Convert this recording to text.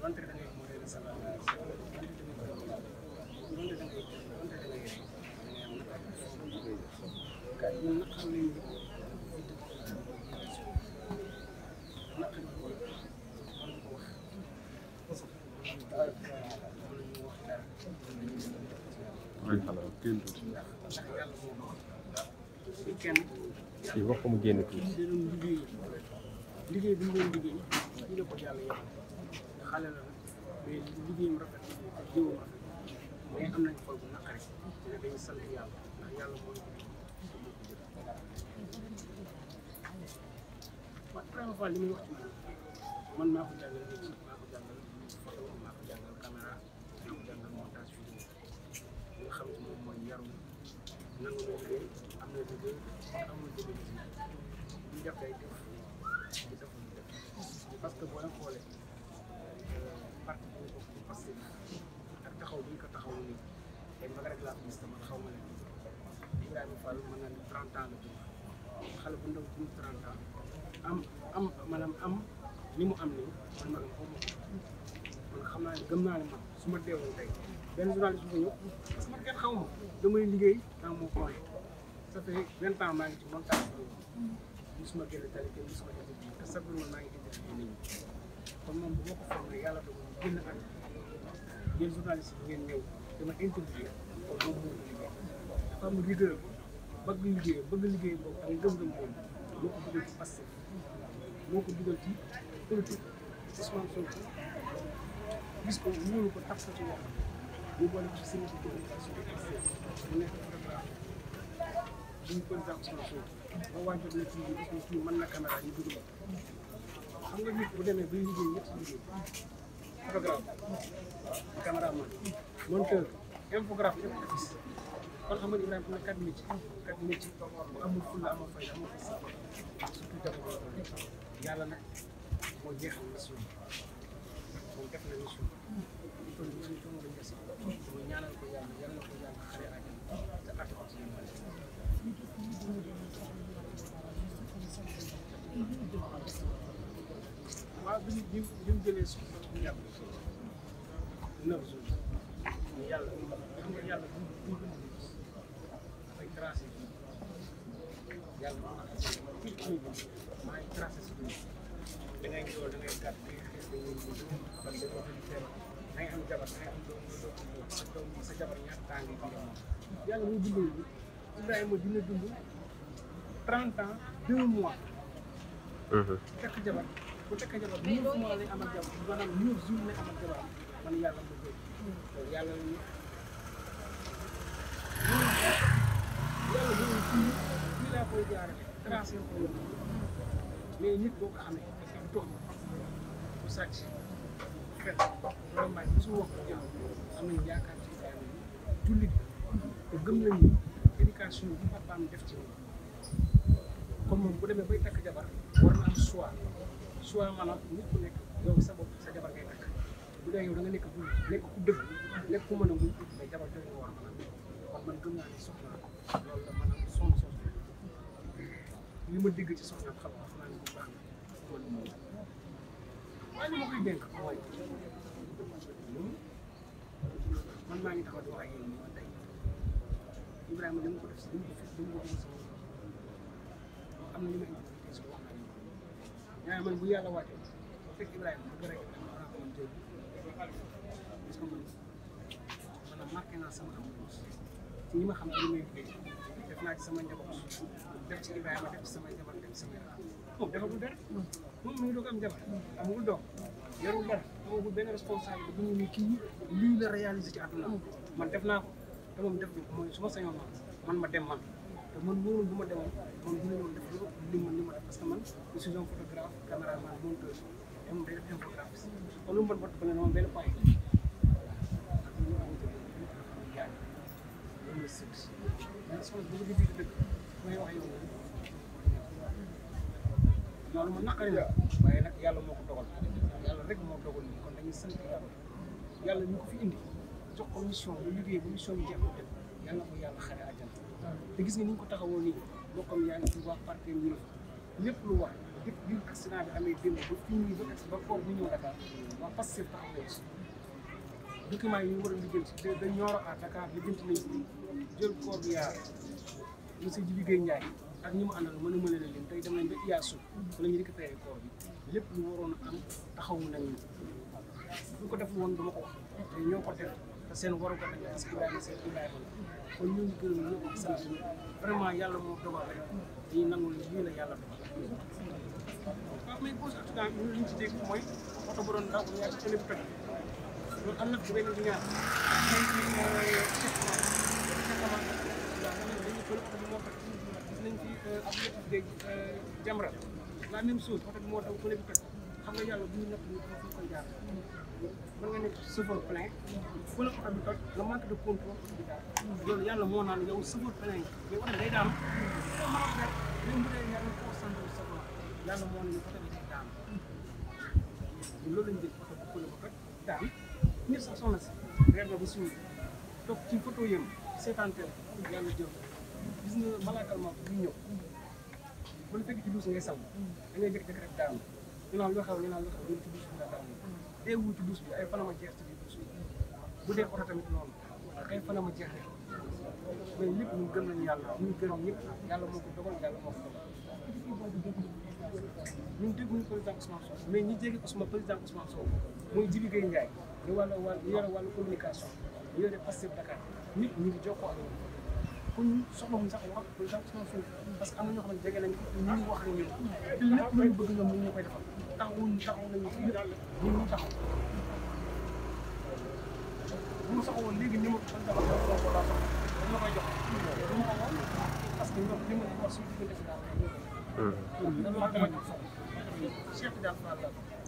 ndax kenn. si wax ko mu génn tuuti. liggéey bi mu doon liggéey ñu ne ko yàlla yàlla xale la mais liggéeyam am nañ man maa ko jàngal ci maa ko jàngal photo maa ko nga xam moom mooy yarum 30 ans la dund xale bu ndaw dund 30 am am maanaam am li mu am nii man ma am foofu man xam naa ne gëm naa ne man su ma deewoon tey benn journaliste parce que man kenn xaw ma damay liggéey dans mon coin ça fait vingt maa ngi ci montage boobu gisuma génn tali kenn gisuma génn te chaque jour maa ngi gis ne nii kon moom bu ma ko formé yàlla dama interview dafa am rigueur bëgg liggéey bëgg liggéey boobu ak gëm gis ko wóolu ko tax ko ci wax ñu boole ci nekk duñu ba waajot na kii bi kii mën na xam nga nit bu demee bay liggéey ñetti liggéey programme caméraman monteur infographe yëpp gis kon xam nga Ibrahima am na quatre métiers quatre métiers bu amul fulla amoo fay amoo fas surtout jamono yàlla nag moo jeexal mission moom def na mission kon ñu ngi toog a jasi ñu ñaanal ko yàlla yàlla na ko yàlla xare àjjana te àtte ko ci waaw bi ñu bi ñu jëlee suuf yàlla neuf jours yàlla xam nga yàlla suñu bopp maa ngi tracé si dund da ngay ñëw da ngay gàtt da am feebar da ngay am jabar dundee bi dund trente ans deux mois takk jabar bu takk jabar neuf mois lay amal jabar maanaam neuf jours lay amal jabar man yàlla ma dégg loolu yàlla la ñu yàlla ñu fii fii laa koy tracé wu ko mais nit boo ko amee dafa toog bu sàcc xel vraiment mosul wax ko jàmm am nañu yaakaar gëm nañu éducation bi def ci moom kon moom bu demee bay takk jabar war na am sa bopp sa jabar takk bu dee yow da nekk bu ku dëgg nekk ku mën a muñ mais jabar joxe war li ma dégg ci soxnaam xam nga xam ne bu baax la waaye man maa ngi taxaw di ma interprété ne man ma xam ne li may dégg def naa ci sama njaboot def ci Ibrahima def ci sama njaboot def ci sama yaram moom defagul dara moom mi ngi doog am jabar amagul doom yorul dara amagul benn responsabilité bu ñu ni kii lii la réaliser ci àdduna man def naa ko te moom def ko mooy su ma sañoon man man ma dem man te man wóorul bu ma demoon man dina ñëw def lu li man li ma def parce que man je suis un photographe caméraman monteur te moom day def infographiste kon lu mu bon bot ko ne moom benn point ak ñu am jël loolu mu naqari la waaye nag yàlla moo ko dogal yàlla rek moo dogal nii kon dañuy sant yàlla yàlla ko fi indi jox ko mission bu liggéey bu mission bi jeex mu dem yàlla ko yàlla xare àjjana te gis nga ni ko taxawoo nii bokkam yaa ngi fi wax partenaire ñu lépp lu wax lépp biir accident bi amee démb ba fii nii ba ñu ñëw Dakar waa documents yi ñu war a lijjanti te dañ ñooro à Dakar lijjanti nañ ko jël corps bi yaar monsieur Djibi Gueye Ndiaye ak ñi mu àndal a a leen tey dem nañ lépp lu waroon a am ko def woon dama ko ko def te seen waru dañ parce kon ñu ngi gërëm yàlla moo dogal rek dañuy nangul lii ci dégg mooy oto bu doon daw ñaari télé bu toj jamra la même chose oto bi moo taw fële bi toj xam nga yàlla bu ñu nekk nii dafa koy jaar mën nga nekk chauffeur plein fële oto bi toj nga manque de contrôle bi daal loolu yàlla moo naan yow chauffeur plein yow oto day daam même bu dee yàlla ko sant sa bopp yàlla moo ne oto bi day daam loolu lañ jël oto bi fële ba toj daam nit sax soxna si reer na ba suur toog ci photo yëm seetaan télé yàlla jël gis nga malaakal ma bu ñëw ba la fekk ci duus ngay da ngay jëkk xaw ñu naan bi la daanu dee wu ci bi ay fanama jeex ci biir bi bu dee oto tamit noonu ay fanama jeex rek mais lépp ñu gëm yàlla ñu gërëm ñëpp yàlla moo ko dogal yàlla moo ko dogal ñun ñu président Ousmane Sow mais mooy Jibi Gueye di wàllu wàllu yore wàllu communication yore Pastef Dakar nit ñi ngi jokkoo soxla wuñ sax wax pour sax soxla que am na ñoo xam ne jege nañ ñu ngi wax ak ñun te lépp lu ñu bëgg ñoom ñu ngi koy defal taxawuñ taxaw nañu ci lépp ma soxla woon léegi ni ma ko doon defal ko ko daa soxla dañ la ma ko woon parce que ma wax suñu diggante si daal dañ